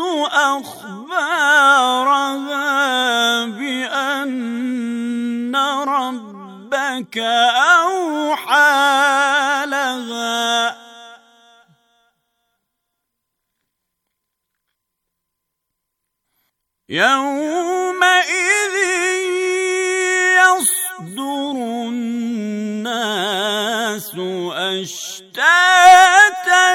أخبارها بأن ربك أوحى لها يومئذ يصدر الناس أشتاتا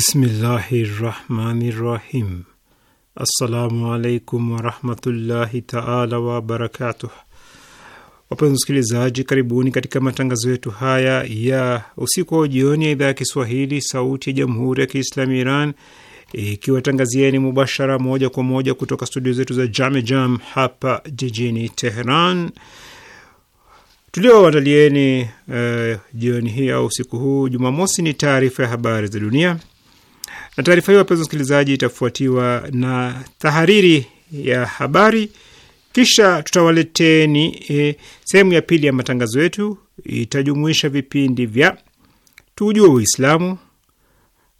Bismillahi rahmani rahim. Assalamu alaikum warahmatullahi taala wabarakatuh. Wapenzi wasikilizaji, karibuni katika matangazo yetu haya ya usiku wa jioni ya idhaa ya Kiswahili sauti ya jamhuri ya Kiislamu Iran ikiwatangazieni e, mubashara moja kwa moja kutoka studio zetu za Jame Jam hapa jijini Teheran tulioandalieni e, eh, jioni hii au usiku huu Jumamosi ni taarifa ya habari za dunia. Na taarifa hiyo, wapenzi wasikilizaji, itafuatiwa na tahariri ya habari, kisha tutawaleteni e, sehemu ya pili ya matangazo yetu. Itajumuisha vipindi vya tujue Uislamu,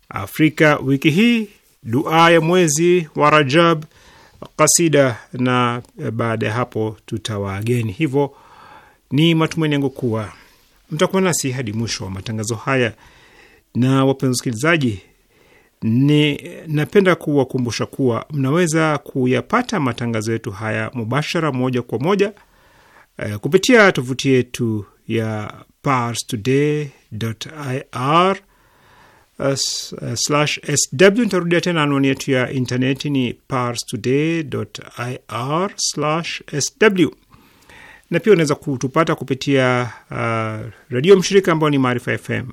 Afrika wiki hii, dua ya mwezi wa Rajab, kasida na baada ya hapo tutawaageni. Hivyo ni matumaini yangu kuwa mtakuwa nasi hadi mwisho wa matangazo haya. Na wapenzi wasikilizaji, ni napenda kuwakumbusha kuwa mnaweza kuyapata matangazo yetu haya mubashara, moja kwa moja eh, kupitia tovuti yetu ya parstoday.ir sw. Nitarudia tena anwani yetu ya intaneti ni parstoday.ir sw, na pia unaweza kutupata kupitia uh, ah, redio mshirika ambao ni Maarifa FM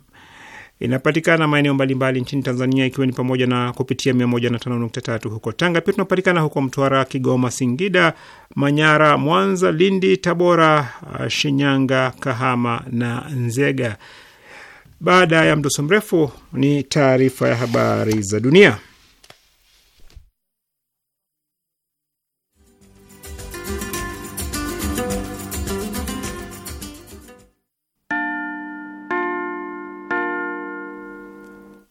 inapatikana maeneo mbalimbali nchini Tanzania, ikiwa ni pamoja na kupitia 105.3 huko Tanga. Pia tunapatikana huko Mtwara, Kigoma, Singida, Manyara, Mwanza, Lindi, Tabora, uh, Shinyanga, Kahama na Nzega. Baada ya mdoso mrefu, ni taarifa ya habari za dunia.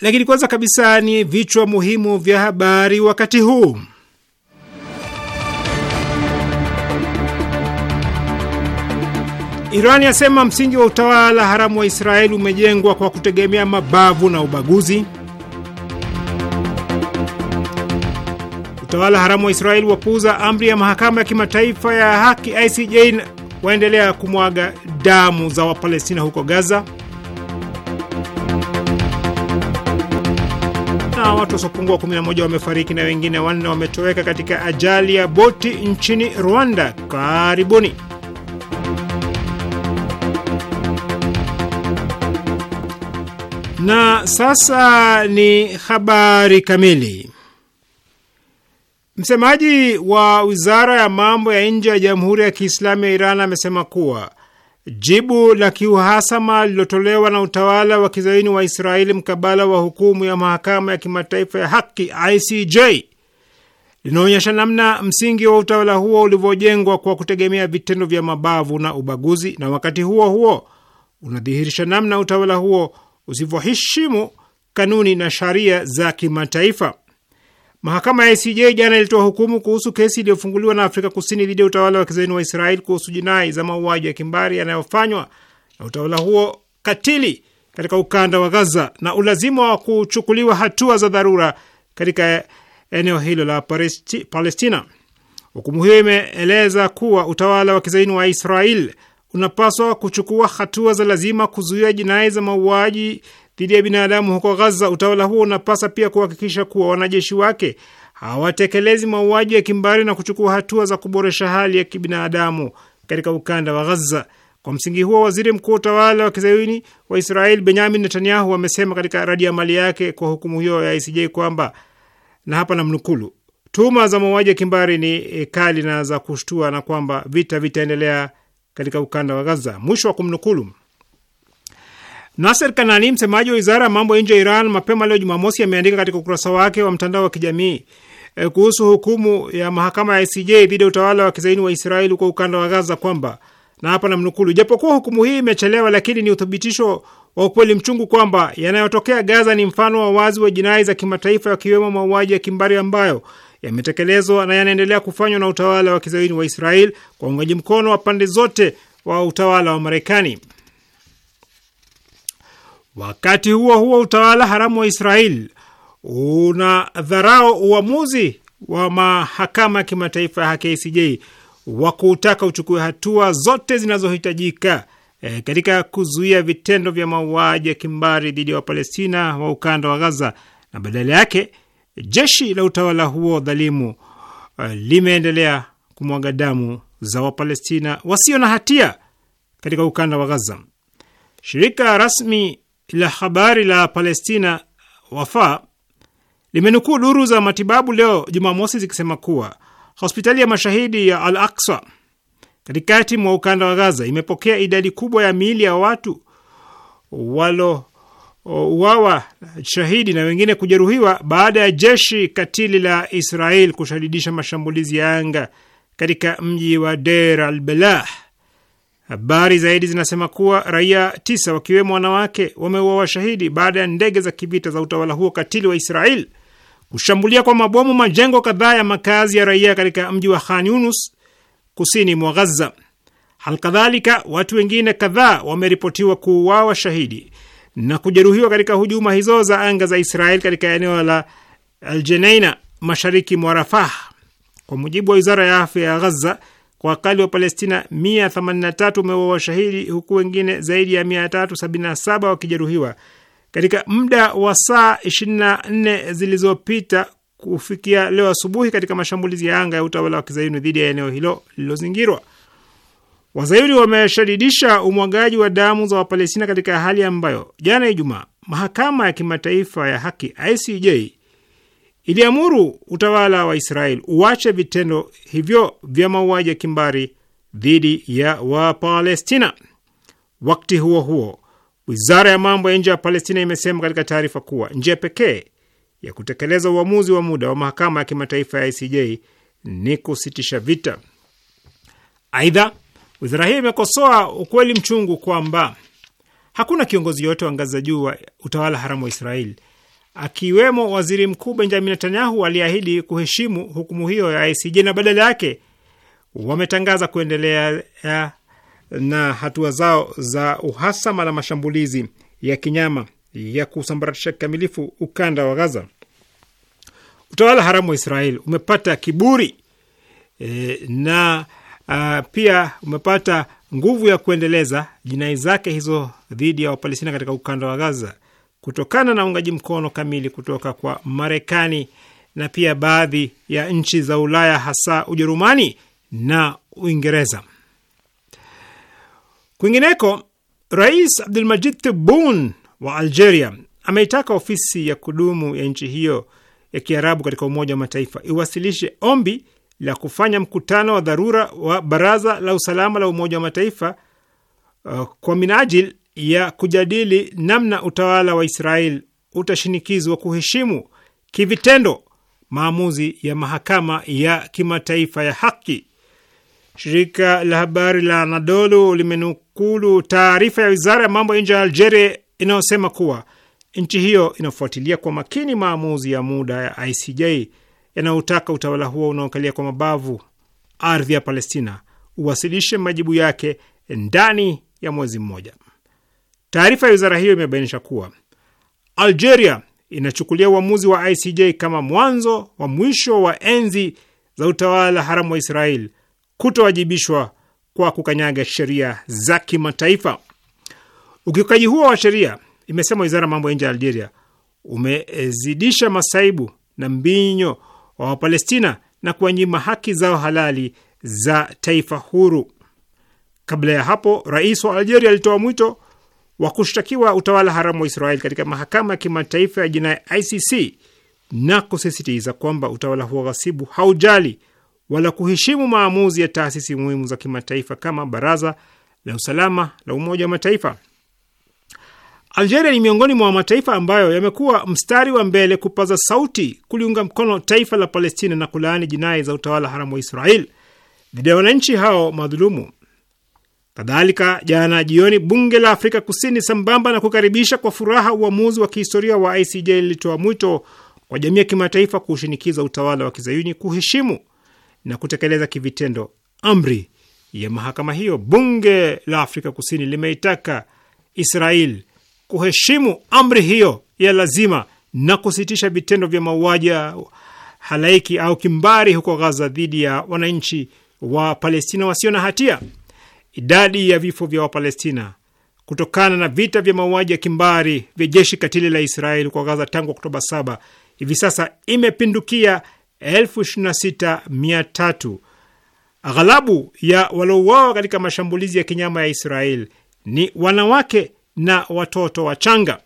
Lakini kwanza kabisa ni vichwa muhimu vya habari wakati huu. Iran yasema msingi wa utawala haramu wa Israeli umejengwa kwa kutegemea mabavu na ubaguzi. Utawala haramu wa Israeli wapuuza amri ya mahakama ya kimataifa ya haki ICJ, waendelea kumwaga damu za Wapalestina huko Gaza. Ijumaa watu wasiopungua 11 wamefariki na wengine wanne wametoweka katika ajali ya boti nchini Rwanda. Karibuni. Na sasa ni habari kamili. Msemaji wa Wizara ya Mambo ya Nje ya Jamhuri ya Kiislamu ya Iran amesema kuwa Jibu la kiuhasama lililotolewa na utawala wa kizaini wa Israeli mkabala wa hukumu ya mahakama ya kimataifa ya haki ICJ linaonyesha namna msingi wa utawala huo ulivyojengwa kwa kutegemea vitendo vya mabavu na ubaguzi, na wakati huo huo unadhihirisha namna utawala huo usivyoheshimu kanuni na sharia za kimataifa. Mahakama ya ICJ jana ilitoa hukumu kuhusu kesi iliyofunguliwa na Afrika Kusini dhidi ya utawala wa kizaini wa israel kuhusu jinai za mauaji ya kimbari yanayofanywa na utawala huo katili katika ukanda wa Gaza na ulazima wa kuchukuliwa hatua za dharura katika eneo hilo la Palestina. Hukumu hiyo imeeleza kuwa utawala wa kizaini wa Israel unapaswa kuchukua hatua za lazima kuzuia jinai za mauaji dhidi ya binadamu huko Ghaza, utawala huo unapasa pia kuhakikisha kuwa wanajeshi wake hawatekelezi mauaji ya kimbari na kuchukua hatua za kuboresha hali ya kibinadamu katika ukanda wa Ghaza. Kwa msingi huo, waziri mkuu utawala wa kizayuni wa Israel Benyamin Netanyahu amesema katika radi ya mali yake kwa hukumu hiyo ya ICJ kwamba na hapa namnukulu, tuhuma za mauaji ya kimbari ni e, kali na za kushtua na kwamba vita vitaendelea katika ukanda wa Gaza, mwisho wa kumnukulu. Nasser Kanani, msemaji wa wizara ya mambo ya nje ya Iran, mapema leo Jumamosi, ameandika katika ukurasa wake wa mtandao wa kijamii e, kuhusu hukumu ya mahakama ya ICJ dhidi ya utawala wa kizaini wa Israeli kwa ukanda wa Gaza kwamba na hapa namnukuu, japokuwa hukumu hii imechelewa, lakini ni uthibitisho wa ukweli mchungu kwamba yanayotokea Gaza ni mfano wa wazi wa jinai za kimataifa, yakiwemo mauaji ya kimbari ambayo yametekelezwa na yanaendelea kufanywa na utawala wa kizaini wa Israeli kwa uungaji mkono wa pande zote wa utawala wa Marekani. Wakati huo huo, utawala haramu wa Israel una dharau uamuzi wa mahakama ya kimataifa ya haki ICJ wa kuutaka uchukue hatua zote zinazohitajika e, katika kuzuia vitendo vya mauaji ya kimbari dhidi ya Wapalestina wa ukanda wa Gaza, na badala yake jeshi la utawala huo dhalimu e, limeendelea kumwaga damu za Wapalestina wasio na hatia katika ukanda wa Gaza. Shirika rasmi la habari la Palestina Wafa limenukuu duru za matibabu leo Jumamosi zikisema kuwa hospitali ya mashahidi ya Al Aksa katikati mwa ukanda wa Gaza imepokea idadi kubwa ya miili ya watu walouawa shahidi na wengine kujeruhiwa baada ya jeshi katili la Israel kushadidisha mashambulizi ya anga katika mji wa Deir al Belah Habari zaidi zinasema kuwa raia tisa wakiwemo wanawake wameuawa washahidi baada ya ndege za kivita za utawala huo katili wa Israel kushambulia kwa mabomu majengo kadhaa ya makazi ya raia katika mji wa Khan Yunus kusini mwa ghaza Halikadhalika, watu wengine kadhaa wameripotiwa kuuawa shahidi na kujeruhiwa katika hujuma hizo za anga za Israel katika eneo la Aljeneina mashariki mwa Rafah, kwa mujibu wa wizara ya afya ya ghaza kwa wakali wa Palestina 183 wameuawa washahidi huku wengine zaidi ya 377 wakijeruhiwa katika muda wa saa 24 zilizopita kufikia leo asubuhi katika mashambulizi ya anga ya utawala wa kizayuni dhidi ya eneo hilo lililozingirwa. Wazayuni wameshadidisha umwagaji wa damu za Wapalestina katika hali ambayo jana Ijumaa mahakama ya kimataifa ya haki ICJ iliamuru utawala wa Israel uache vitendo hivyo vya mauaji ya kimbari dhidi ya Wapalestina. Wakati huo huo, wizara ya mambo ya nje ya Palestina imesema katika taarifa kuwa njia pekee ya kutekeleza uamuzi wa muda wa mahakama ya kimataifa ya ICJ ni kusitisha vita. Aidha, wizara hiyo imekosoa ukweli mchungu kwamba hakuna kiongozi yoyote wa ngazi za juu wa utawala haramu wa Israeli akiwemo waziri mkuu Benjamin Netanyahu aliahidi kuheshimu hukumu hiyo ya ICJ na badala yake wametangaza kuendelea eh, na hatua zao za uhasama na mashambulizi ya kinyama ya kusambaratisha kikamilifu ukanda wa Gaza. Utawala haramu wa Israeli umepata kiburi e, na a, ah, pia umepata nguvu ya kuendeleza jinai zake hizo dhidi ya Wapalestina katika ukanda wa Gaza kutokana na uungaji mkono kamili kutoka kwa Marekani na pia baadhi ya nchi za Ulaya hasa Ujerumani na Uingereza. Kwingineko, Rais Abdulmajid Tebboune wa Algeria ameitaka ofisi ya kudumu ya nchi hiyo ya Kiarabu katika Umoja wa Mataifa iwasilishe ombi la kufanya mkutano wa dharura wa Baraza la Usalama la Umoja wa Mataifa uh, kwa minajili ya kujadili namna utawala wa Israel utashinikizwa kuheshimu kivitendo maamuzi ya mahakama ya kimataifa ya haki. Shirika la habari la Anadolu limenukulu taarifa ya wizara ya mambo ya nje ya Algeria inayosema kuwa nchi hiyo inafuatilia kwa makini maamuzi ya muda ya ICJ yanayotaka utawala huo unaokalia kwa mabavu ardhi ya Palestina uwasilishe majibu yake ndani ya mwezi mmoja. Taarifa ya wizara hiyo imebainisha kuwa Algeria inachukulia uamuzi wa ICJ kama mwanzo wa mwisho wa enzi za utawala haramu wa Israel kutowajibishwa kwa kukanyaga sheria za kimataifa. Ukiukaji huo wa sheria, imesema wizara ya mambo ya nje ya Algeria, umezidisha masaibu na mbinyo wa Wapalestina na kuwanyima haki zao halali za taifa huru. Kabla ya hapo, rais wa Algeria alitoa mwito wa kushtakiwa utawala haramu wa Israeli katika mahakama ya kimataifa ya jinai ICC na kusisitiza kwamba utawala huo ghasibu haujali wala kuheshimu maamuzi ya taasisi muhimu za kimataifa kama Baraza la Usalama la Umoja wa Mataifa. Algeria ni miongoni mwa mataifa ambayo yamekuwa mstari wa mbele kupaza sauti kuliunga mkono taifa la Palestina na kulaani jinai za utawala haramu wa israel dhidi ya wananchi hao madhulumu. Kadhalika, jana jioni bunge la Afrika Kusini, sambamba na kukaribisha kwa furaha uamuzi wa kihistoria wa ICJ, lilitoa mwito kwa jamii ya kimataifa kushinikiza utawala wa kizayuni kuheshimu na kutekeleza kivitendo amri ya mahakama hiyo. Bunge la Afrika Kusini limeitaka Israel kuheshimu amri hiyo ya lazima na kusitisha vitendo vya mauaji ya halaiki au kimbari huko Gaza dhidi ya wananchi wa Palestina wasio na hatia idadi ya vifo vya Wapalestina kutokana na vita vya mauaji ya kimbari vya jeshi katili la Israeli kwa Gaza tangu Oktoba 7 hivi sasa imepindukia elfu Aghalabu ya waliouawa katika mashambulizi ya kinyama ya Israeli ni wanawake na watoto wachanga.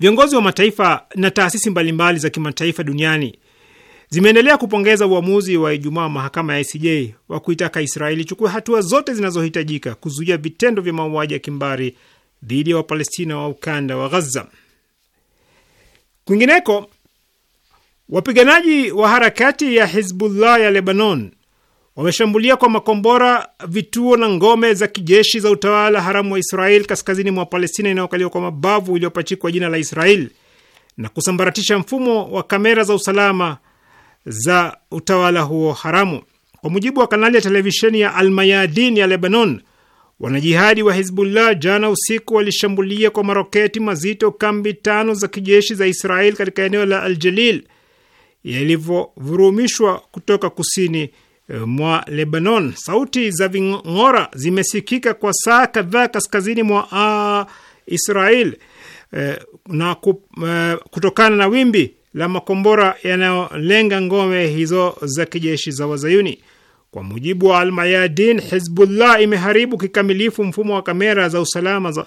Viongozi wa mataifa na taasisi mbalimbali za kimataifa duniani zimeendelea kupongeza uamuzi wa Ijumaa mahakama ya ICJ wa kuitaka Israeli ichukue hatua zote zinazohitajika kuzuia vitendo vya mauaji ya kimbari dhidi ya Wapalestina wa ukanda wa ghaza Kwingineko, wapiganaji wa harakati ya Hizbullah ya Lebanon wameshambulia kwa makombora vituo na ngome za kijeshi za utawala haramu wa Israel kaskazini mwa Palestina inayokaliwa kwa mabavu iliyopachikwa jina la Israel na kusambaratisha mfumo wa kamera za usalama za utawala huo haramu. Kwa mujibu wa kanali ya televisheni ya Almayadin ya Lebanon, wanajihadi wa Hizbullah jana usiku walishambulia kwa maroketi mazito kambi tano za kijeshi za Israel katika eneo la Aljalil yalivyovurumishwa kutoka kusini eh, mwa Lebanon. Sauti za ving'ora zimesikika kwa saa kadhaa kaskazini mwa ah, Israel eh, na eh, kutokana na wimbi la makombora yanayolenga ngome hizo za kijeshi za Wazayuni. Kwa mujibu wa Almayadin, Hizbullah imeharibu kikamilifu mfumo wa kamera za usalama za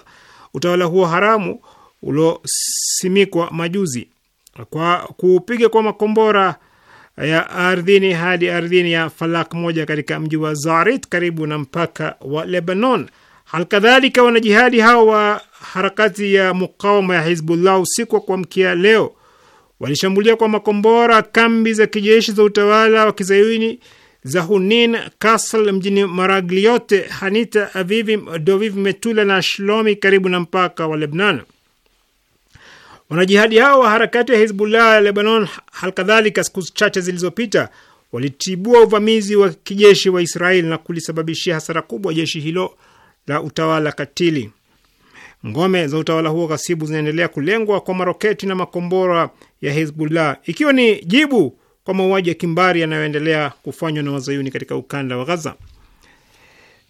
utawala huo haramu uliosimikwa majuzi kwa kupiga kwa makombora ya ardhini hadi ardhini ya Falak moja katika mji wa Zarit karibu na mpaka wa Lebanon. Halikadhalika, wanajihadi hao wa harakati ya mukawama ya Hizbullah usiku wa kuamkia leo walishambulia kwa makombora kambi za kijeshi za utawala wa kizayuni za Hunin, Kassel mjini Maragliote, Hanita, avivi Doviv, Metula na Shlomi karibu na mpaka wa Lebnan. Wanajihadi hao wa harakati ya Hizbullah ya Lebanon halikadhalika, siku chache zilizopita, walitibua uvamizi wa kijeshi wa Israeli na kulisababishia hasara kubwa jeshi hilo la utawala katili. Ngome za utawala huo ghasibu zinaendelea kulengwa kwa maroketi na makombora ya Hezbollah, ikiwa ni jibu kwa mauaji ya kimbari yanayoendelea kufanywa na wazayuni katika ukanda wa Gaza.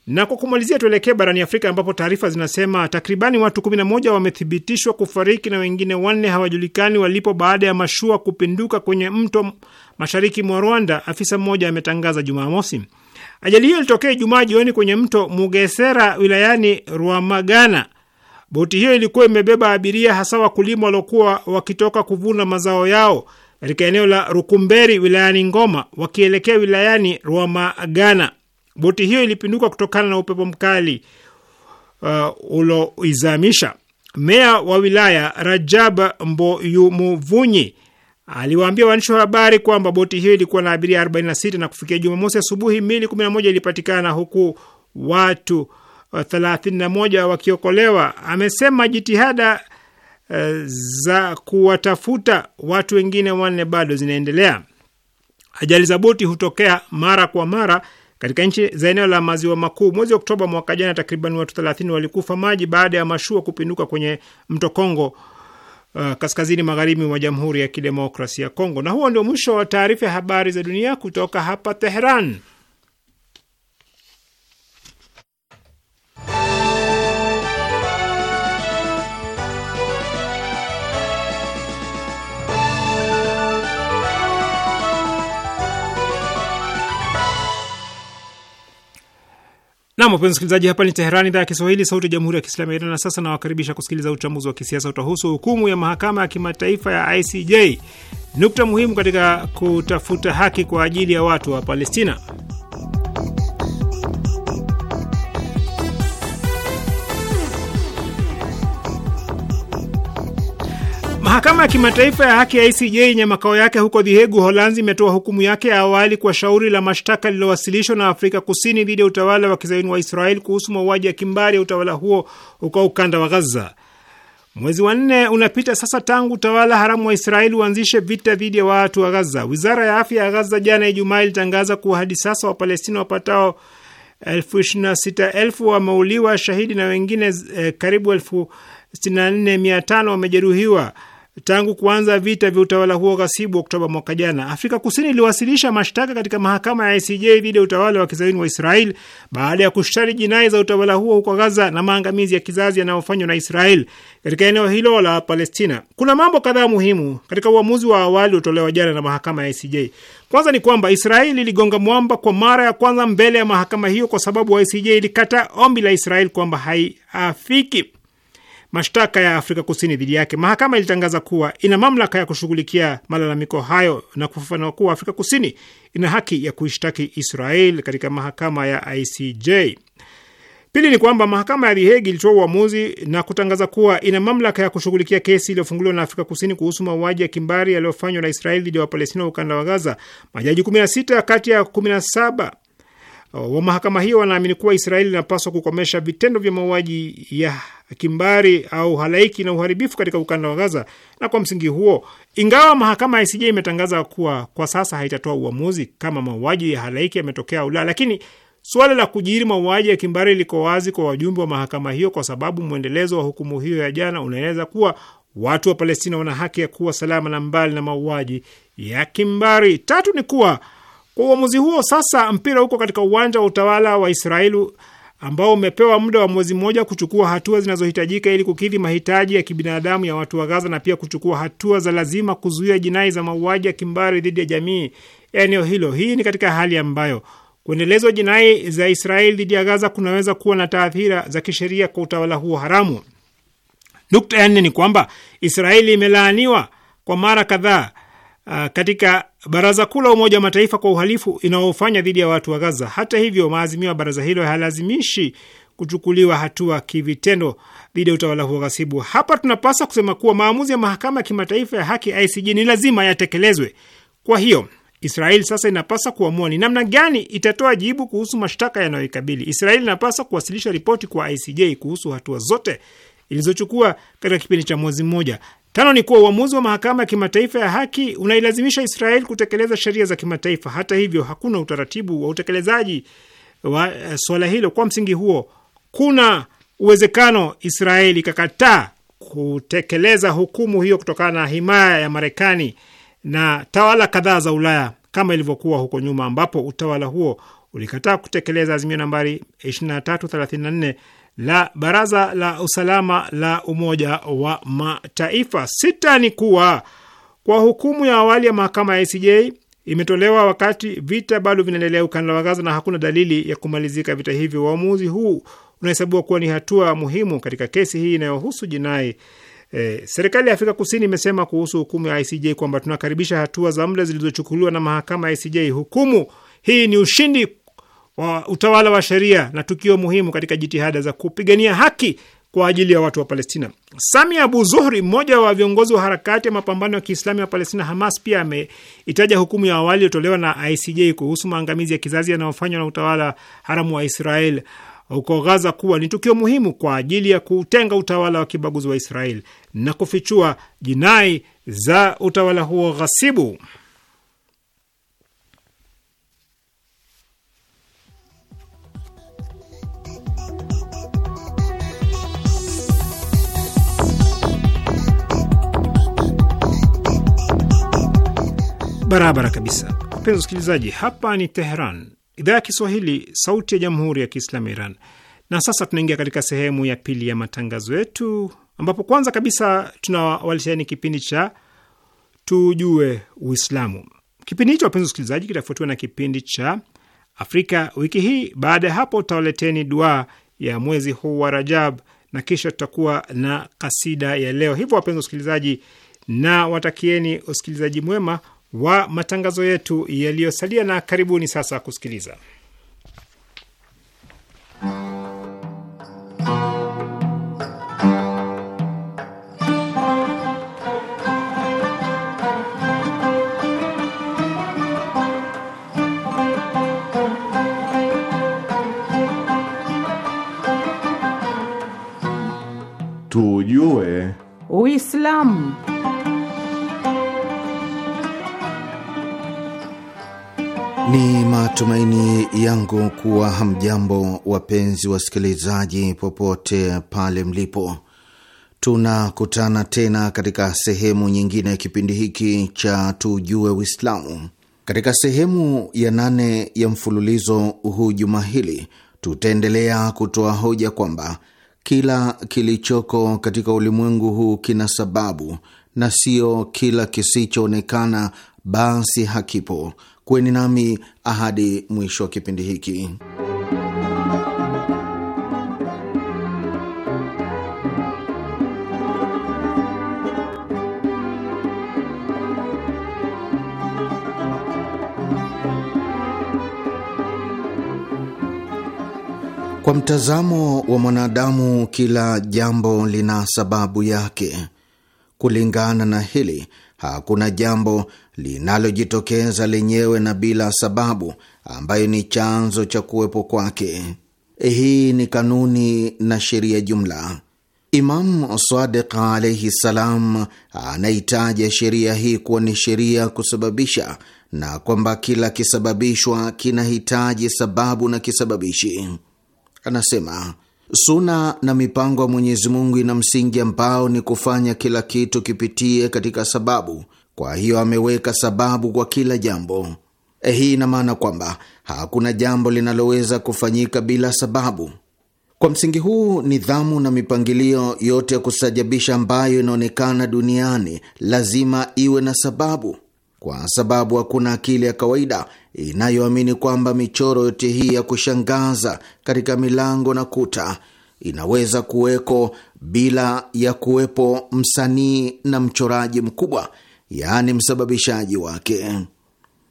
Na kwa kumalizia, tuelekee barani Afrika ambapo taarifa zinasema takribani watu 11 wamethibitishwa kufariki na wengine wanne hawajulikani walipo baada ya mashua kupinduka kwenye mto mashariki mwa Rwanda, afisa mmoja ametangaza Jumamosi. Ajali hiyo ilitokea Ijumaa jioni kwenye mto Mugesera wilayani Rwamagana Boti hiyo ilikuwa imebeba abiria, hasa wakulima waliokuwa wakitoka kuvuna mazao yao katika eneo la Rukumberi wilayani Ngoma wakielekea wilayani Rwamagana. Boti hiyo ilipinduka kutokana na upepo mkali uh, uloizamisha. Meya wa wilaya Rajab Mboyumuvunyi aliwaambia waandishi wa habari kwamba boti hiyo ilikuwa na abiria 46 na kufikia Jumamosi asubuhi miili 11 ilipatikana huku watu 31 wakiokolewa. Amesema jitihada eh, za kuwatafuta watu wengine wanne bado zinaendelea. Ajali za boti hutokea mara kwa mara katika nchi za eneo la maziwa makuu. Mwezi Oktoba mwaka jana, takriban watu 30 walikufa maji baada ya mashua kupinduka kwenye mto Kongo, uh, kaskazini magharibi mwa Jamhuri ya Kidemokrasia ya Kongo. Na huo ndio mwisho wa taarifa ya habari za dunia kutoka hapa Teheran. Nam, wapenzi msikilizaji, hapa ni teheran idhaa ya Kiswahili, sauti ya jamhuri ya kiislamu ya Iran. Na sasa nawakaribisha kusikiliza uchambuzi wa kisiasa. Utahusu hukumu ya mahakama ya kimataifa ya ICJ, nukta muhimu katika kutafuta haki kwa ajili ya watu wa Palestina. Mahakama ya kimataifa ya haki ya ICJ yenye makao yake huko The Hague, imetoa hukumu yake ya awali kwa shauri la mashtaka lililowasilishwa na Afrika Kusini dhidi ya utawala wa kizayuni wa Israel kuhusu mauaji ya kimbari ya utawala huo huko ukanda wa Gaza. Mwezi wa nne unapita sasa tangu utawala haramu wa Israeli uanzishe vita dhidi ya watu wa Gaza. Wizara ya afya ya Gaza jana Ijumaa ilitangaza kuwa hadi sasa Wapalestina wapatao elfu ishirini na sita elfu wameuliwa shahidi na wengine eh, karibu elfu sitini na nne mia tano wamejeruhiwa tangu kuanza vita vya utawala huo ghasibu Oktoba mwaka jana. Afrika Kusini iliwasilisha mashtaka katika mahakama ya ICJ dhidi ya utawala wa kizayuni wa Israel baada ya kushtari jinai za utawala huo huko Gaza na maangamizi ya kizazi yanayofanywa na Israel katika eneo hilo la Palestina. Kuna mambo kadhaa muhimu katika uamuzi wa awali utolewa jana na mahakama ya ICJ. Kwanza ni kwamba Israel iligonga mwamba kwa mara ya kwanza mbele ya mahakama hiyo, kwa sababu ICJ ilikata ombi la Israel kwamba haiafiki mashtaka ya Afrika Kusini dhidi yake. Mahakama ilitangaza kuwa ina mamlaka ya kushughulikia malalamiko hayo na kufafanua kuwa Afrika Kusini ina haki ya kuishtaki Israel katika mahakama ya ICJ. Pili ni kwamba mahakama ya The Hague ilitoa uamuzi na kutangaza kuwa ina mamlaka ya kushughulikia kesi iliyofunguliwa na Afrika Kusini kuhusu mauaji ya kimbari yaliyofanywa na Israeli dhidi ya Wapalestina wa ukanda wa Gaza. Majaji 16 kati ya 17 uh, wa mahakama hiyo wanaamini kuwa Israeli inapaswa kukomesha vitendo vya mauaji ya kimbari au halaiki na uharibifu katika ukanda wa Gaza. Na kwa msingi huo, ingawa mahakama ya ICJ imetangaza kuwa kwa sasa haitatoa uamuzi kama mauaji ya halaiki yametokea au la, lakini suala la kujiri mauaji ya kimbari liko wazi kwa wajumbe wa mahakama hiyo, kwa sababu mwendelezo wa hukumu hiyo ya jana unaeleza kuwa watu wa Palestina wana haki ya kuwa salama na mbali na mauaji ya kimbari. Tatu ni kuwa kwa uamuzi huo sasa mpira uko katika uwanja wa utawala wa Israeli ambao umepewa muda wa mwezi mmoja kuchukua hatua zinazohitajika ili kukidhi mahitaji ya kibinadamu ya watu wa Gaza na pia kuchukua hatua za lazima kuzuia jinai za mauaji ya kimbari dhidi ya jamii eneo hilo. Hii ni katika hali ambayo kuendelezwa jinai za Israeli dhidi ya Gaza kunaweza kuwa na taathira za kisheria kwa utawala huo haramu. Nukta ya nne ni kwamba Israeli imelaaniwa kwa mara kadhaa uh, katika Baraza Kuu la Umoja wa Mataifa kwa uhalifu inaofanya dhidi ya watu wa Gaza. Hata hivyo, maazimio ya baraza hilo hayalazimishi kuchukuliwa hatua kivitendo dhidi ya utawala huo ghasibu. Hapa tunapaswa kusema kuwa maamuzi ya mahakama ya kimataifa ya haki ICJ ni lazima yatekelezwe. Kwa hiyo Israeli sasa inapaswa kuamua ni namna gani itatoa jibu kuhusu mashtaka yanayoikabili. Israeli inapaswa kuwasilisha ripoti kwa ICJ kuhusu hatua zote ilizochukua katika kipindi cha mwezi mmoja Tano ni kuwa uamuzi wa mahakama ya kimataifa ya haki unailazimisha Israel kutekeleza sheria za kimataifa. Hata hivyo, hakuna utaratibu wa utekelezaji wa eh, suala hilo. Kwa msingi huo, kuna uwezekano Israel ikakataa kutekeleza hukumu hiyo kutokana na himaya ya Marekani na tawala kadhaa za Ulaya kama ilivyokuwa huko nyuma, ambapo utawala huo ulikataa kutekeleza azimio nambari 2334 la Baraza la Usalama la Umoja wa Mataifa. Sita ni kuwa kwa hukumu ya awali ya mahakama ya ICJ imetolewa wakati vita bado vinaendelea ukanda wa Gaza na hakuna dalili ya kumalizika vita hivyo. Uamuzi huu unahesabiwa kuwa ni hatua muhimu katika kesi hii inayohusu jinai. E, serikali ya Afrika Kusini imesema kuhusu hukumu ya ICJ kwamba tunakaribisha hatua za muda zilizochukuliwa na mahakama ya ICJ. Hukumu hii ni ushindi wa utawala wa sheria na tukio muhimu katika jitihada za kupigania haki kwa ajili ya watu wa Palestina. Sami Abu Zuhri, mmoja wa viongozi wa harakati ya mapambano ya Kiislamu ya Palestina, Hamas, pia ameitaja hukumu ya awali iliyotolewa na ICJ kuhusu maangamizi ya kizazi yanayofanywa na utawala haramu wa Israel huko Gaza kuwa ni tukio muhimu kwa ajili ya kutenga utawala wa kibaguzi wa Israel na kufichua jinai za utawala huo ghasibu. barabara kabisa. Mpenzi msikilizaji, hapa ni Teheran, idhaa ya Kiswahili, sauti ya jamhuri ya kiislamu Iran. Na sasa tunaingia katika sehemu ya pili ya matangazo yetu, ambapo kwanza kabisa tunawalisheni kipindi cha tujue Uislamu. Kipindi hicho wapenzi wasikilizaji, kitafuatiwa na kipindi cha Afrika wiki hii. Baada ya hapo, tutawaleteni dua ya mwezi huu wa Rajab na kisha tutakuwa na kasida ya leo. Hivyo wapenzi wasikilizaji, na watakieni usikilizaji mwema wa matangazo yetu yaliyosalia, na karibuni sasa kusikiliza Tujue Uislamu. Ni matumaini yangu kuwa hamjambo, wapenzi wasikilizaji, popote pale mlipo. Tunakutana tena katika sehemu nyingine ya kipindi hiki cha Tujue Uislamu. Katika sehemu ya nane ya mfululizo huu juma hili, tutaendelea kutoa hoja kwamba kila kilichoko katika ulimwengu huu kina sababu na sio kila kisichoonekana basi hakipo Kweni nami ahadi mwisho wa kipindi hiki. Kwa mtazamo wa mwanadamu, kila jambo lina sababu yake. Kulingana na hili Hakuna jambo linalojitokeza lenyewe na bila sababu ambayo ni chanzo cha kuwepo kwake. Hii ni kanuni na sheria jumla. Imamu Sadiq alaihi salam anaitaja sheria hii kuwa ni sheria kusababisha na kwamba kila kisababishwa kinahitaji sababu na kisababishi. Anasema Suna na mipango ya Mwenyezi Mungu ina msingi ambao ni kufanya kila kitu kipitie katika sababu. Kwa hiyo ameweka sababu kwa kila jambo. Eh, hii ina maana kwamba hakuna jambo linaloweza kufanyika bila sababu. Kwa msingi huu, nidhamu na mipangilio yote ya kusajabisha ambayo inaonekana duniani lazima iwe na sababu, kwa sababu hakuna akili ya kawaida inayoamini kwamba michoro yote hii ya kushangaza katika milango na kuta inaweza kuweko bila ya kuwepo msanii na mchoraji mkubwa, yaani msababishaji wake.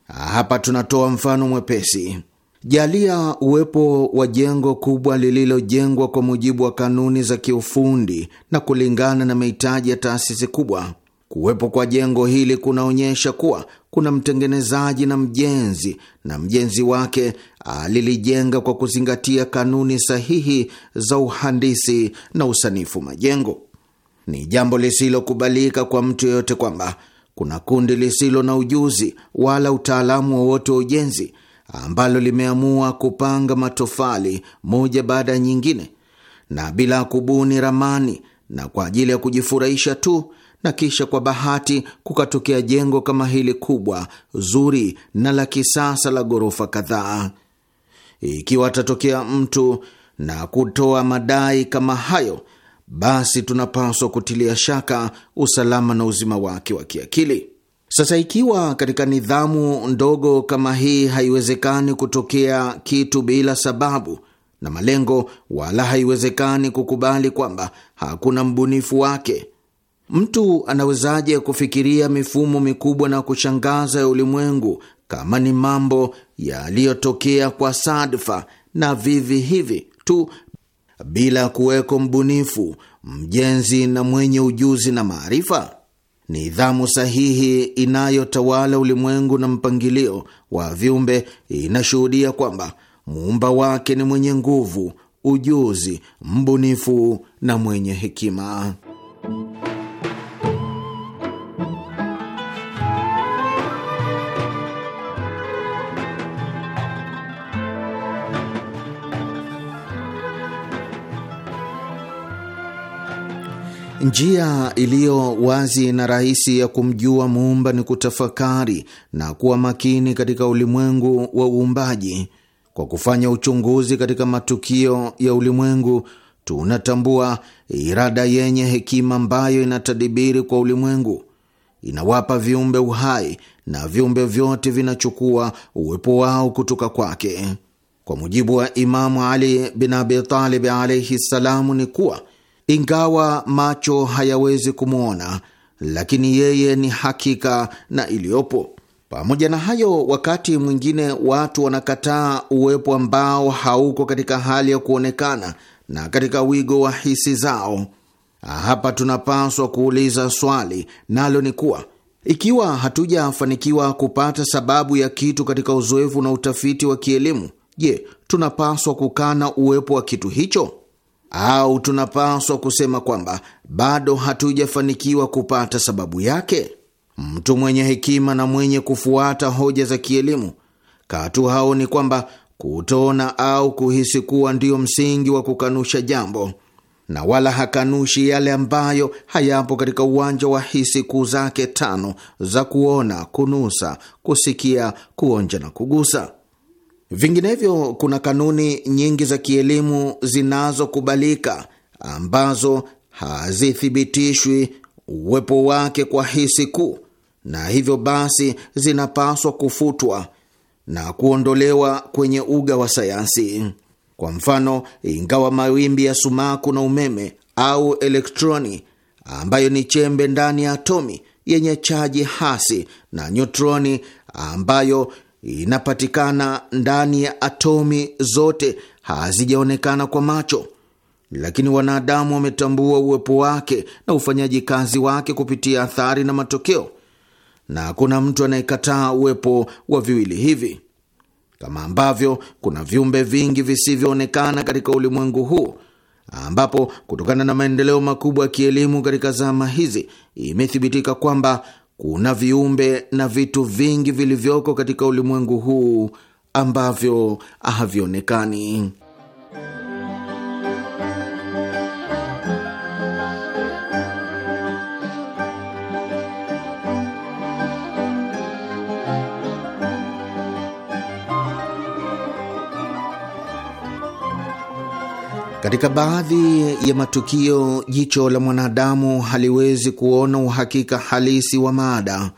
Hapa tunatoa mfano mwepesi. Jalia uwepo wa jengo kubwa lililojengwa kwa mujibu wa kanuni za kiufundi na kulingana na mahitaji ya taasisi kubwa Kuwepo kwa jengo hili kunaonyesha kuwa kuna mtengenezaji na mjenzi, na mjenzi wake alilijenga kwa kuzingatia kanuni sahihi za uhandisi na usanifu majengo. Ni jambo lisilokubalika kwa mtu yeyote kwamba kuna kundi lisilo na ujuzi wala utaalamu wowote wa ujenzi ambalo limeamua kupanga matofali moja baada ya nyingine na bila kubuni ramani na kwa ajili ya kujifurahisha tu na kisha kwa bahati kukatokea jengo kama hili kubwa zuri na la kisasa la ghorofa kadhaa. Ikiwa atatokea mtu na kutoa madai kama hayo, basi tunapaswa kutilia shaka usalama na uzima wake wa kiakili. Sasa ikiwa katika nidhamu ndogo kama hii haiwezekani kutokea kitu bila sababu na malengo, wala haiwezekani kukubali kwamba hakuna mbunifu wake Mtu anawezaje kufikiria mifumo mikubwa na kushangaza ya ulimwengu kama ni mambo yaliyotokea kwa sadfa na vivi hivi tu bila kuweko mbunifu, mjenzi na mwenye ujuzi na maarifa? Nidhamu sahihi inayotawala ulimwengu na mpangilio wa viumbe inashuhudia kwamba muumba wake ni mwenye nguvu, ujuzi, mbunifu na mwenye hekima. Njia iliyo wazi na rahisi ya kumjua muumba ni kutafakari na kuwa makini katika ulimwengu wa uumbaji. Kwa kufanya uchunguzi katika matukio ya ulimwengu, tunatambua irada yenye hekima ambayo inatadibiri kwa ulimwengu, inawapa viumbe uhai na viumbe vyote vinachukua uwepo wao kutoka kwake. Kwa mujibu wa Imamu Ali bin Abi Talib alaihi ssalamu, ni kuwa ingawa macho hayawezi kumwona, lakini yeye ni hakika na iliyopo. Pamoja na hayo, wakati mwingine watu wanakataa uwepo ambao hauko katika hali ya kuonekana na katika wigo wa hisi zao. Hapa tunapaswa kuuliza swali, nalo ni kuwa ikiwa hatujafanikiwa kupata sababu ya kitu katika uzoefu na utafiti wa kielimu, je, tunapaswa kukana uwepo wa kitu hicho? au tunapaswa kusema kwamba bado hatujafanikiwa kupata sababu yake? Mtu mwenye hekima na mwenye kufuata hoja za kielimu katu haoni kwamba kutona au kuhisi kuwa ndiyo msingi wa kukanusha jambo, na wala hakanushi yale ambayo hayapo katika uwanja wa hisi kuu zake tano za kuona, kunusa, kusikia, kuonja na kugusa. Vinginevyo, kuna kanuni nyingi za kielimu zinazokubalika ambazo hazithibitishwi uwepo wake kwa hisi kuu, na hivyo basi zinapaswa kufutwa na kuondolewa kwenye uga wa sayansi. Kwa mfano, ingawa mawimbi ya sumaku na umeme au elektroni ambayo ni chembe ndani ya atomi yenye chaji hasi na nyutroni ambayo inapatikana ndani ya atomi zote, hazijaonekana kwa macho, lakini wanadamu wametambua uwepo wake na ufanyaji kazi wake kupitia athari na matokeo, na hakuna mtu anayekataa uwepo wa viwili hivi, kama ambavyo kuna viumbe vingi visivyoonekana katika ulimwengu huu ambapo kutokana na maendeleo makubwa ya kielimu katika zama hizi imethibitika kwamba kuna viumbe na vitu vingi vilivyoko katika ulimwengu huu ambavyo havionekani. Katika baadhi ya matukio jicho la mwanadamu haliwezi kuona uhakika halisi wa mada.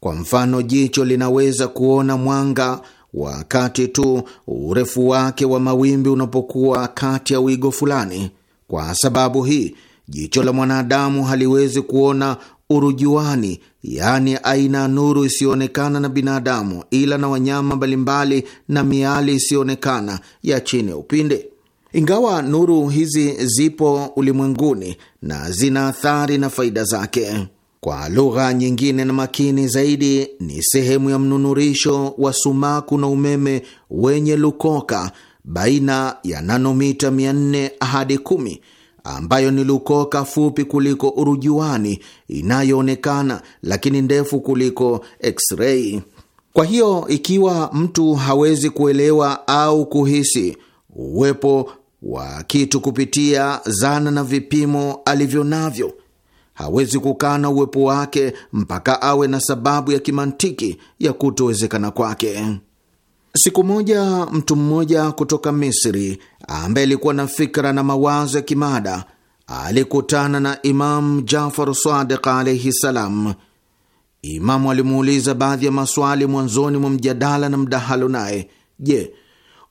Kwa mfano, jicho linaweza kuona mwanga wakati tu urefu wake wa mawimbi unapokuwa kati ya wigo fulani. Kwa sababu hii, jicho la mwanadamu haliwezi kuona urujuani, yaani aina ya nuru isiyoonekana na binadamu, ila na wanyama mbalimbali na miali isiyoonekana ya chini ya upinde. Ingawa nuru hizi zipo ulimwenguni na zina athari na faida zake, kwa lugha nyingine na makini zaidi, ni sehemu ya mnunurisho wa sumaku na umeme wenye lukoka baina ya nanomita 400 hadi 10 ambayo ni lukoka fupi kuliko urujuani inayoonekana lakini ndefu kuliko x-ray. Kwa hiyo ikiwa mtu hawezi kuelewa au kuhisi uwepo wa kitu kupitia zana na vipimo alivyo navyo. Hawezi kukana uwepo wake mpaka awe na sababu ya kimantiki ya kutowezekana kwake. Siku moja mtu mmoja kutoka Misri ambaye alikuwa na fikra na mawazo ya kimada alikutana na Imamu Jafar Sadiq alaihi salam. Imamu alimuuliza baadhi ya maswali mwanzoni mwa mjadala na mdahalo naye, je,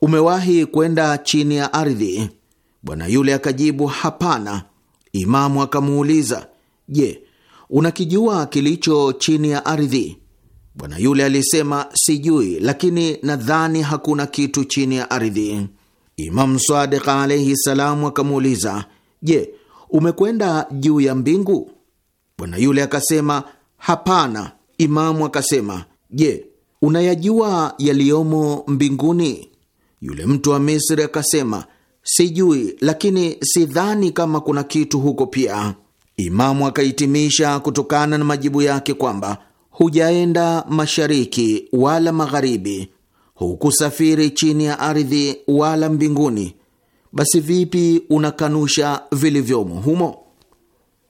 umewahi kwenda chini ya ardhi? Bwana yule akajibu, hapana. Imamu akamuuliza, je, unakijua kilicho chini ya ardhi? Bwana yule alisema, sijui, lakini nadhani hakuna kitu chini ya ardhi. Imamu Sadiq alaihi salamu akamuuliza, je, umekwenda juu ya mbingu? Bwana yule akasema, hapana. Imamu akasema, je, unayajua yaliyomo mbinguni? Yule mtu wa Misri akasema, sijui, lakini sidhani kama kuna kitu huko pia. Imamu akahitimisha kutokana na majibu yake kwamba hujaenda mashariki wala magharibi, hukusafiri chini ya ardhi wala mbinguni, basi vipi unakanusha vilivyomo humo?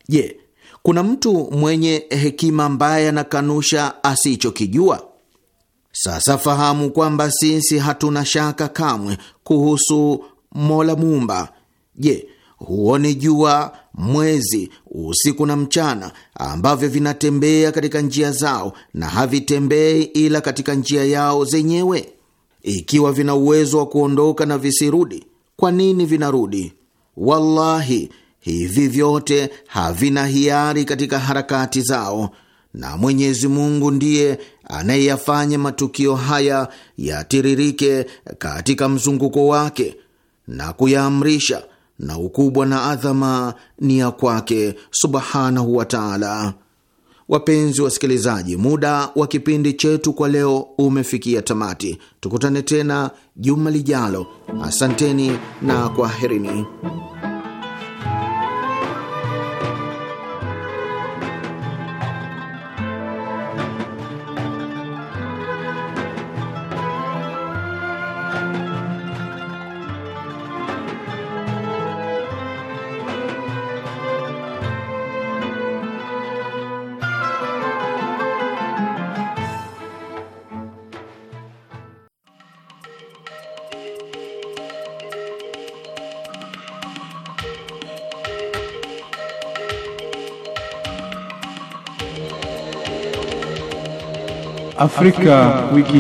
Je, kuna mtu mwenye hekima ambaye anakanusha asichokijua? Sasa fahamu kwamba sisi hatuna shaka kamwe kuhusu Mola Muumba. Je, huoni jua, mwezi, usiku na mchana ambavyo vinatembea katika njia zao na havitembei ila katika njia yao zenyewe? Ikiwa vina uwezo wa kuondoka na visirudi, kwa nini vinarudi? Wallahi, hivi vyote havina hiari katika harakati zao, na Mwenyezi Mungu ndiye anayeyafanya matukio haya yatiririke katika mzunguko wake na kuyaamrisha, na ukubwa na adhama ni ya kwake subhanahu wa taala. Wapenzi wasikilizaji, muda wa kipindi chetu kwa leo umefikia tamati. Tukutane tena juma lijalo. Asanteni na kwaherini. Afrika, wiki hii.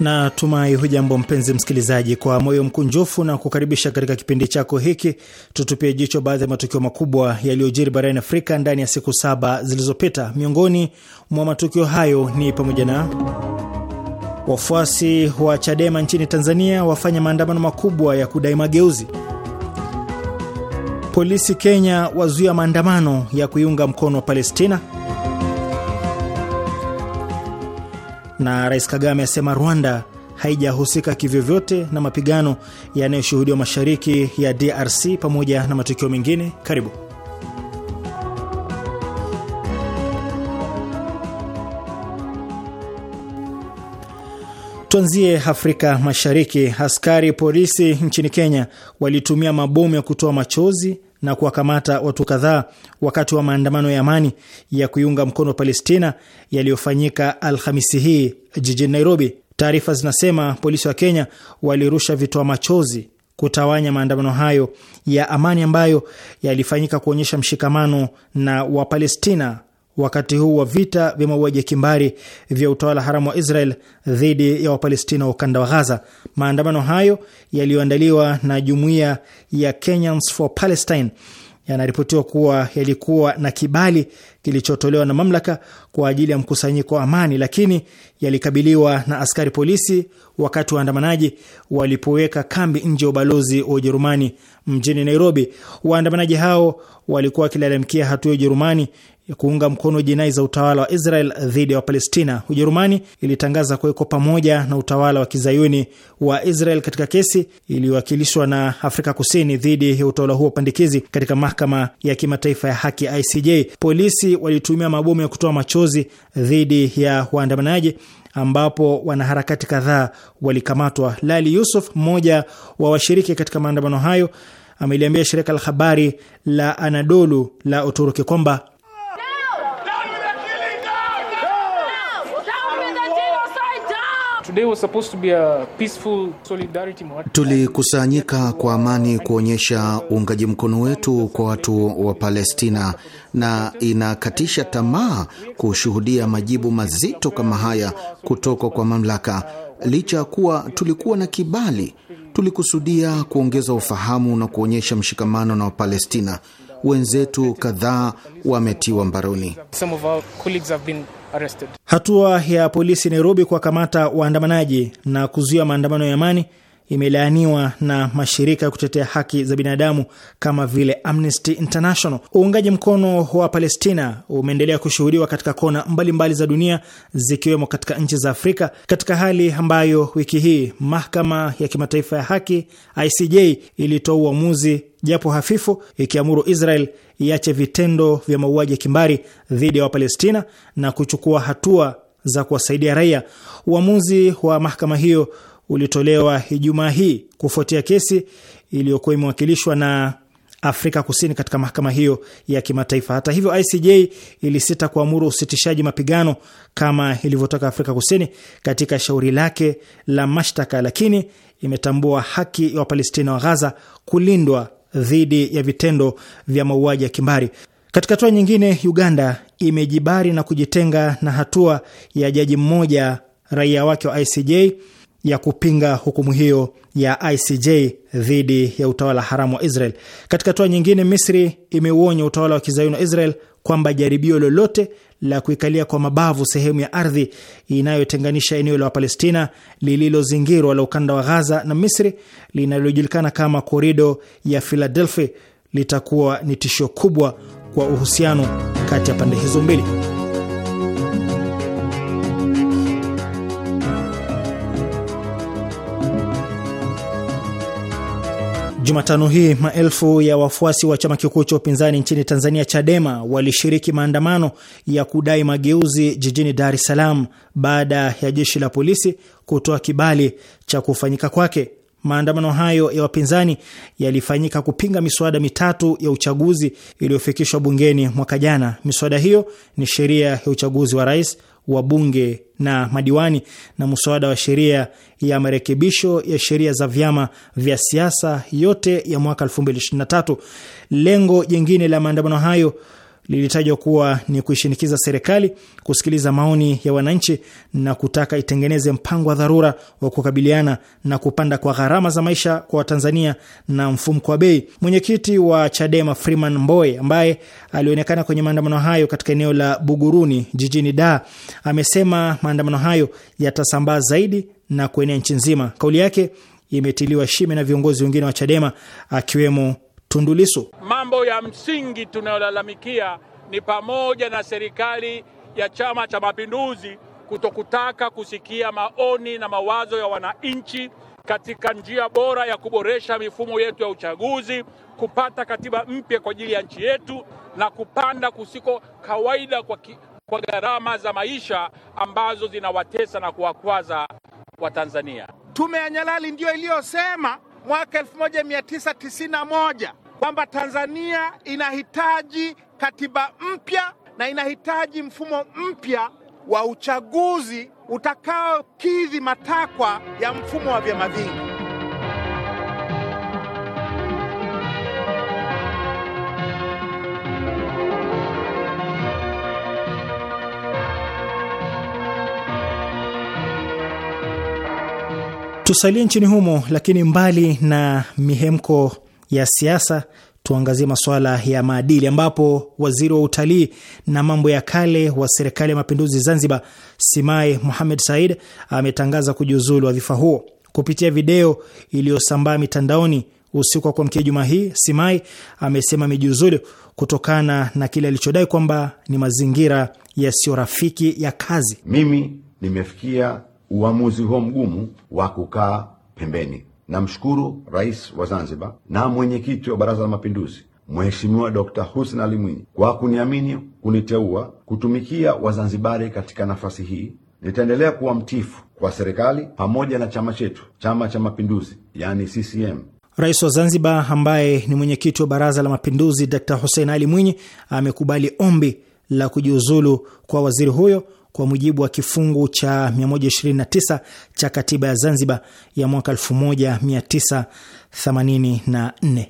Na tumai hujambo mpenzi msikilizaji, kwa moyo mkunjufu na kukaribisha katika kipindi chako hiki. Tutupie jicho baadhi ya matukio makubwa yaliyojiri barani Afrika ndani ya siku saba zilizopita. Miongoni mwa matukio hayo ni pamoja na wafuasi wa Chadema nchini Tanzania wafanya maandamano makubwa ya kudai mageuzi Polisi Kenya wazuia maandamano ya kuiunga mkono wa Palestina, na Rais Kagame asema Rwanda haijahusika kivyovyote na mapigano yanayoshuhudiwa mashariki ya DRC, pamoja na matukio mengine. Karibu. Tuanzie Afrika Mashariki. Askari polisi nchini Kenya walitumia mabomu ya kutoa machozi na kuwakamata watu kadhaa wakati wa maandamano ya amani ya kuiunga mkono Palestina yaliyofanyika Alhamisi hii jijini Nairobi. Taarifa zinasema polisi wa Kenya walirusha vitoa machozi kutawanya maandamano hayo ya amani ambayo yalifanyika kuonyesha mshikamano na Wapalestina wakati huu wa vita vya mauaji ya kimbari vya utawala haramu wa Israel dhidi ya Wapalestina wa ukanda wa Ghaza. Maandamano hayo yaliyoandaliwa na jumuiya ya Kenyans for Palestine yanaripotiwa kuwa yalikuwa na kibali kilichotolewa na mamlaka kwa ajili ya mkusanyiko wa amani, lakini yalikabiliwa na askari polisi wakati waandamanaji walipoweka kambi nje ya ubalozi wa Ujerumani mjini Nairobi. Waandamanaji hao walikuwa wakilalamikia hatua ya Ujerumani ya kuunga mkono jinai za utawala wa Israel dhidi ya Wapalestina. Ujerumani ilitangaza kuweko pamoja na utawala wa kizayuni wa Israel katika kesi iliyowakilishwa na Afrika Kusini dhidi ya utawala huo pandikizi katika mahakama ya kimataifa ya haki ICJ. Polisi walitumia mabomu ya kutoa machozi dhidi ya waandamanaji ambapo wanaharakati kadhaa walikamatwa. Lali Yusuf, mmoja wa washiriki katika maandamano hayo, ameliambia shirika la habari la Anadolu la Uturuki kwamba Tulikusanyika kwa amani kuonyesha uungaji mkono wetu kwa watu wa Palestina, na inakatisha tamaa kushuhudia majibu mazito kama haya kutoka kwa mamlaka. Licha ya kuwa tulikuwa na kibali, tulikusudia kuongeza ufahamu na kuonyesha mshikamano na Wapalestina wenzetu. Kadhaa wametiwa mbaroni. Some of our arrested. Hatua ya polisi Nairobi kuwakamata waandamanaji na kuzuia maandamano ya amani imelaaniwa na mashirika ya kutetea haki za binadamu kama vile Amnesty International. Uungaji mkono wa Palestina umeendelea kushuhudiwa katika kona mbalimbali mbali za dunia zikiwemo katika nchi za Afrika, katika hali ambayo wiki hii mahakama ya kimataifa ya haki ICJ ilitoa uamuzi japo hafifu ikiamuru Israel iache vitendo vya mauaji ya kimbari dhidi ya Wapalestina na kuchukua hatua za kuwasaidia raia. Uamuzi wa mahakama hiyo ulitolewa Ijumaa hii kufuatia kesi iliyokuwa imewakilishwa na Afrika Kusini katika mahakama hiyo ya kimataifa. Hata hivyo, ICJ ilisita kuamuru usitishaji mapigano kama ilivyotoka Afrika Kusini katika shauri lake la mashtaka, lakini imetambua haki ya Wapalestina wa Ghaza kulindwa dhidi ya vitendo vya mauaji ya kimbari. Katika hatua nyingine, Uganda imejibari na kujitenga na hatua ya jaji mmoja raia wake wa ICJ ya kupinga hukumu hiyo ya ICJ dhidi ya utawala haramu wa Israel. Katika hatua nyingine, Misri imeuonya utawala wa kizayuni wa Israel kwamba jaribio lolote la kuikalia kwa mabavu sehemu ya ardhi inayotenganisha eneo la Wapalestina lililozingirwa la ukanda wa Ghaza na Misri linalojulikana kama korido ya Philadelphia litakuwa ni tishio kubwa kwa uhusiano kati ya pande hizo mbili. Jumatano hii maelfu ya wafuasi wa chama kikuu cha upinzani nchini Tanzania, Chadema, walishiriki maandamano ya kudai mageuzi jijini Dar es Salaam baada ya jeshi la polisi kutoa kibali cha kufanyika kwake. Maandamano hayo ya wapinzani yalifanyika kupinga miswada mitatu ya uchaguzi iliyofikishwa bungeni mwaka jana. Miswada hiyo ni sheria ya uchaguzi wa rais wa bunge na madiwani na muswada wa sheria ya marekebisho ya sheria za vyama vya siasa yote ya mwaka 2023. Lengo jingine la maandamano hayo lilitajwa kuwa ni kuishinikiza serikali kusikiliza maoni ya wananchi na kutaka itengeneze mpango wa dharura wa kukabiliana na kupanda kwa gharama za maisha kwa Watanzania na mfumko wa bei. Mwenyekiti wa Chadema Freeman Mbowe, ambaye alionekana kwenye maandamano hayo katika eneo la Buguruni jijini Dar, amesema maandamano hayo yatasambaa zaidi na kuenea nchi nzima. Kauli yake imetiliwa shime na viongozi wengine wa Chadema akiwemo Tundu Mambo ya msingi tunayolalamikia ni pamoja na serikali ya Chama cha Mapinduzi kutokutaka kusikia maoni na mawazo ya wananchi katika njia bora ya kuboresha mifumo yetu ya uchaguzi, kupata katiba mpya kwa ajili ya nchi yetu na kupanda kusiko kawaida kwa, ki, kwa gharama za maisha ambazo zinawatesa na kuwakwaza Watanzania. Tume ya Nyalali ndiyo iliyosema mwaka 1991 kwamba Tanzania inahitaji katiba mpya na inahitaji mfumo mpya wa uchaguzi utakaokidhi matakwa ya mfumo wa vyama vingi. Tusalie nchini humo, lakini mbali na mihemko ya siasa, tuangazie masuala ya maadili, ambapo waziri wa utalii na mambo ya kale wa serikali ya mapinduzi Zanzibar, Simai Muhamed Said, ametangaza kujiuzulu wadhifa huo. Kupitia video iliyosambaa mitandaoni usiku wa kuamkia Jumaa hii, Simai amesema amejiuzulu kutokana na kile alichodai kwamba ni mazingira yasiyo rafiki ya kazi. Mimi nimefikia uamuzi huo mgumu wa kukaa pembeni. Namshukuru Rais wa Zanzibar na mwenyekiti wa Baraza la Mapinduzi Mheshimiwa d Hussein Ali Mwinyi kwa kuniamini, kuniteua kutumikia Wazanzibari katika nafasi hii. Nitaendelea kuwa mtifu kwa serikali pamoja na chama chetu, Chama cha Mapinduzi, yani CCM. Rais wa Zanzibar ambaye ni mwenyekiti wa Baraza la Mapinduzi d Hussein Ali Mwinyi amekubali ombi la kujiuzulu kwa waziri huyo kwa mujibu wa kifungu cha 129 cha katiba ya Zanzibar ya mwaka 1984.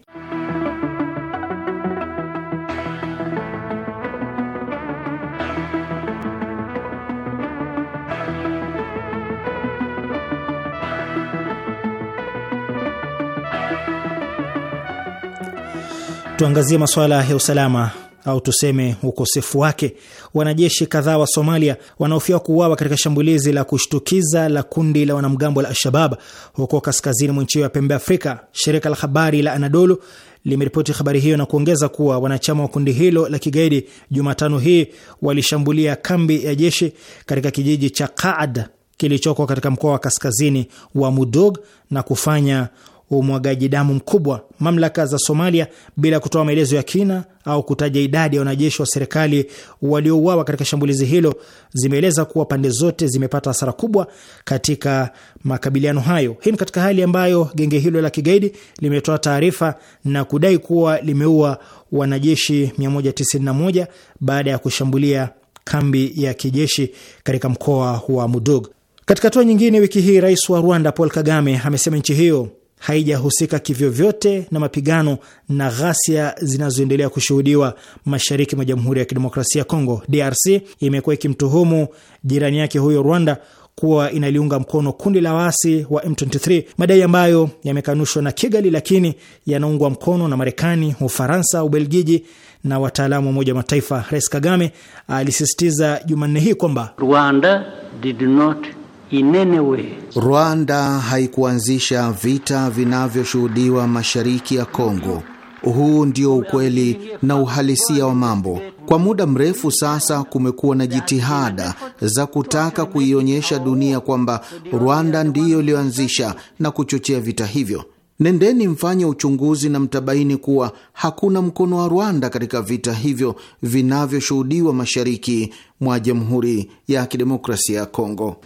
Tuangazie masuala ya usalama au tuseme ukosefu wake. Wanajeshi kadhaa wa Somalia wanaofia kuuawa katika shambulizi la kushtukiza la kundi la wanamgambo la Al-Shabab huko kaskazini mwa nchi hiyo ya pembe Afrika. Shirika la habari la Anadolu limeripoti habari hiyo na kuongeza kuwa wanachama wa kundi hilo la kigaidi Jumatano hii walishambulia kambi ya jeshi katika kijiji cha Qaad kilichoko katika mkoa wa kaskazini wa Mudug na kufanya umwagaji damu mkubwa. Mamlaka za Somalia, bila kutoa maelezo ya kina au kutaja idadi ya wanajeshi wa serikali waliouawa katika shambulizi hilo, zimeeleza kuwa pande zote zimepata hasara kubwa katika makabiliano hayo. Hii ni katika hali ambayo genge hilo la kigaidi limetoa taarifa na kudai kuwa limeua wanajeshi 191 baada ya kushambulia kambi ya kijeshi katika mkoa wa Mudug. Katika hatua nyingine, wiki hii rais wa Rwanda Paul Kagame amesema nchi hiyo haijahusika kivyovyote na mapigano na ghasia zinazoendelea kushuhudiwa mashariki mwa Jamhuri ya Kidemokrasia ya Kongo. DRC imekuwa ikimtuhumu jirani yake huyo Rwanda kuwa inaliunga mkono kundi la waasi wa M23, madai ambayo yamekanushwa na Kigali, lakini yanaungwa mkono na Marekani, Ufaransa, Ubelgiji na wataalamu wa Umoja wa Mataifa. Rais Kagame alisisitiza Jumanne hii kwamba Rwanda did not Inenewe. Rwanda haikuanzisha vita vinavyoshuhudiwa mashariki ya Kongo. Huu ndio ukweli na uhalisia wa mambo. Kwa muda mrefu sasa kumekuwa na jitihada za kutaka kuionyesha dunia kwamba Rwanda ndiyo iliyoanzisha na kuchochea vita hivyo. Nendeni mfanye uchunguzi na mtabaini kuwa hakuna mkono wa Rwanda katika vita hivyo vinavyoshuhudiwa mashariki mwa Jamhuri ya Kidemokrasia ya Kongo.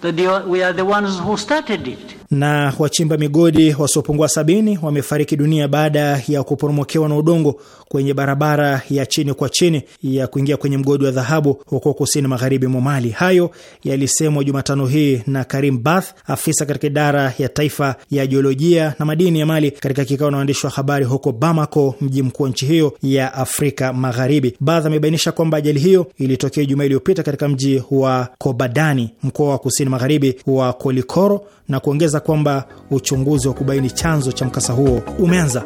Na wachimba migodi wasiopungua sabini wamefariki dunia baada ya kuporomokewa na udongo kwenye barabara ya chini kwa chini ya kuingia kwenye mgodi wa dhahabu huko kusini magharibi mwa Mali. Hayo yalisemwa Jumatano hii na Karim Bath, afisa katika idara ya taifa ya jiolojia na madini ya Mali, katika kikao na waandishi wa habari huko Bamako, mji mkuu wa nchi hiyo ya Afrika Magharibi. Bath amebainisha kwamba ajali hiyo ilitokea Ijumaa iliyopita iliyopita katika mji wa Kobadani, mkoa wa kusini magharibi wa Kolikoro, na kuongeza kwamba uchunguzi wa kubaini chanzo cha mkasa huo umeanza.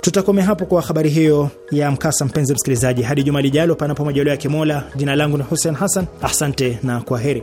Tutakomea hapo kwa habari hiyo ya mkasa, mpenzi msikilizaji, hadi juma lijalo, panapo majaliwa ya Kimola. Jina langu ni Hussein Hassan, asante na kwa heri.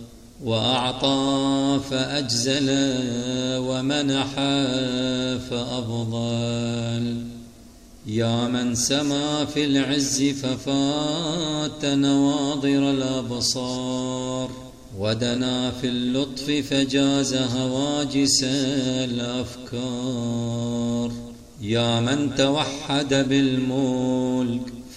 وأعطى فأجزل ومنح فأفضل يا من سما في العز ففات نواضر الأبصار ودنا في اللطف فجاز هواجس الأفكار يا من توحد بالملك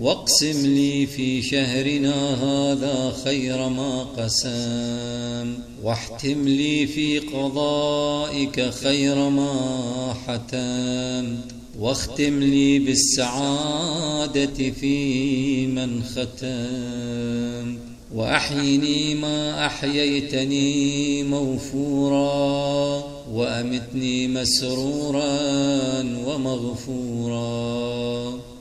واقسم لي في شهرنا هذا خير ما قسام واحتم لي في قضائك خير ما حتام واختم لي بالسعادة في من ختم وأحيني ما أحييتني موفورا وأمتني مسرورا ومغفورا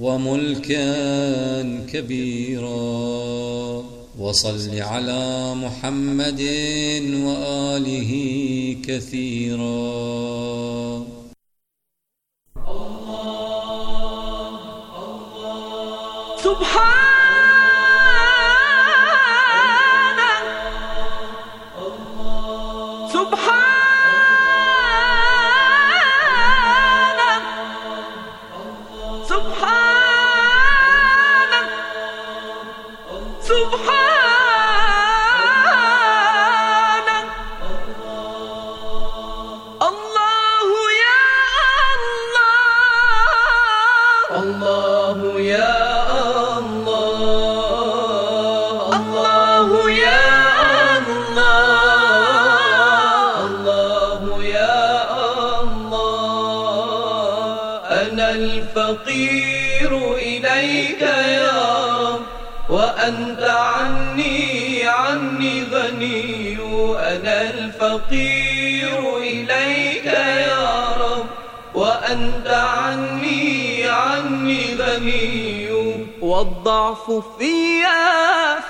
وملكا كبيرا وصل على محمد وآله كثيرا فقير إليك يا رب وأنت عني عني غني والضعف في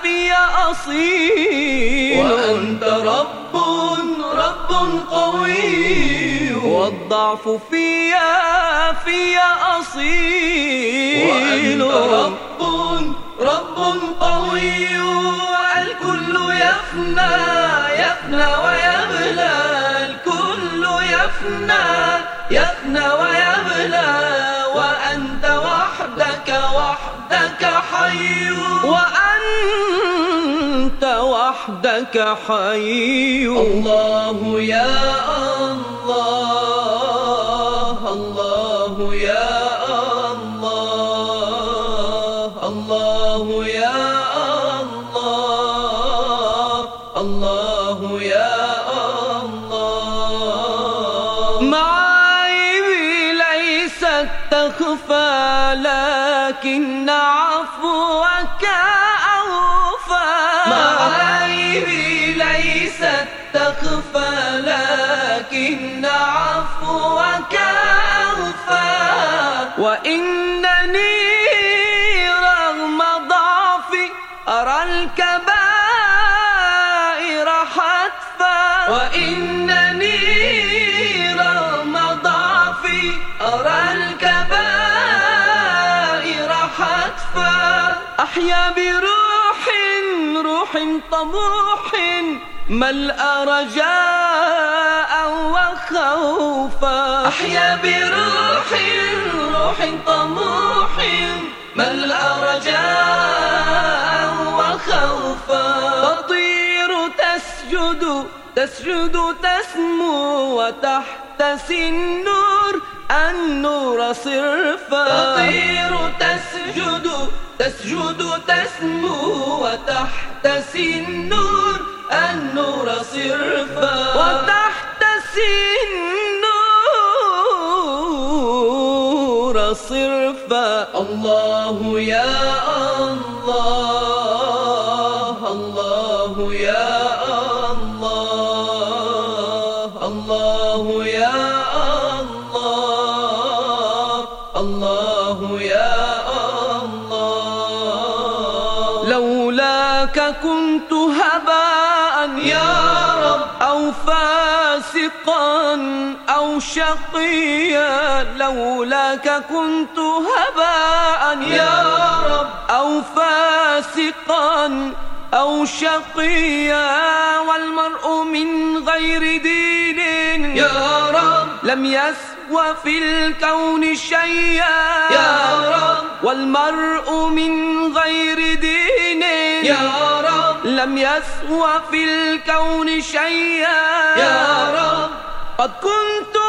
في أصيل وأنت رب رب قوي والضعف في في أصيل وأنت رب رب قوي الكل يفنى يفنى ويفنى وحدك حي وأنت وحدك حي الله يا الله الله يا لكن عفوك أوفى وإنني رغم ضعفي أرى الكبائر حتفا وإنني رغم ضعفي أرى الكبائر حتفا أحيا بروح روح طموح ملأ رجاء وخوفا أحيا بروح روح طموح ملأ رجاء وخوفا تطير تسجد تسجد تسمو وتحت النور النور صرفا تطير تسجد تسجد تسمو وتحت النور النور صرفا وتحت النور صرفا الله يا شقيا لولاك كنت هباء يا رب أو فاسقا أو شقيا والمرء من غير دين يا رب لم يسوى في الكون شيئا يا رب والمرء من غير دين يا رب لم يسوى في الكون شيئا يا رب قد كنت